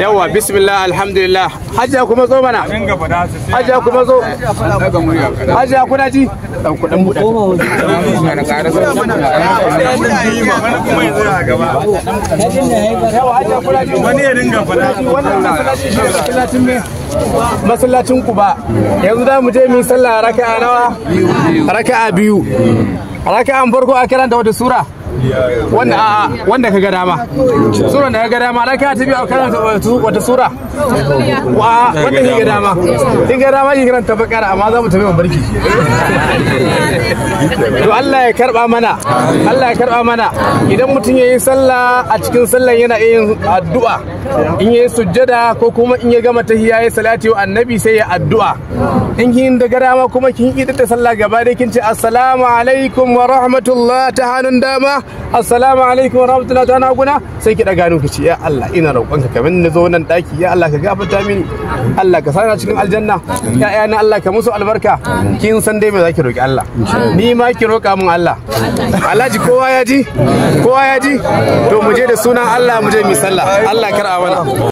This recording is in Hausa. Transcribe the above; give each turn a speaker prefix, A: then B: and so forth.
A: yawa bismillah alhamdulillah hajiya kuma zo mana hajiya kuma zo hajiya kuna ji masallacin ku ba yanzu za mu je min sallah raka'a nawa raka'a biyu raka'an farko a kiran da wata sura wanda ka ga dama suran da ka ga dama dan ka tafi a karanta wata sura wa wanda ka ga dama in ga dama ki karanta bakara amma za mu tafi mu barki to Allah ya karba mana Allah ya karba mana idan mutum yayi sallah a cikin sallan yana yin addu'a in yayi sujjada ko kuma in ya gama tahiyya yayi salati wa annabi sai ya addu'a in kin da ga dama kuma kin ta sallah gaba dai kin ce assalamu alaikum wa rahmatullah ta hannun dama assalamu alaikum warahmatullahi ta na guna sai ki daga nuku ce ya Allah ina roƙonka kamar na zo nan daki ya Allah ka gafarta mini Allah ka sana cikin aljanna ya na Allah ka musu albarka kin san dai me zaki roƙi Allah ni ma ki roƙa mun Allah Alhaji kowa ya ji kowa ya ji to mu je da sunan Allah mu je mi sallah Allah kar'a mana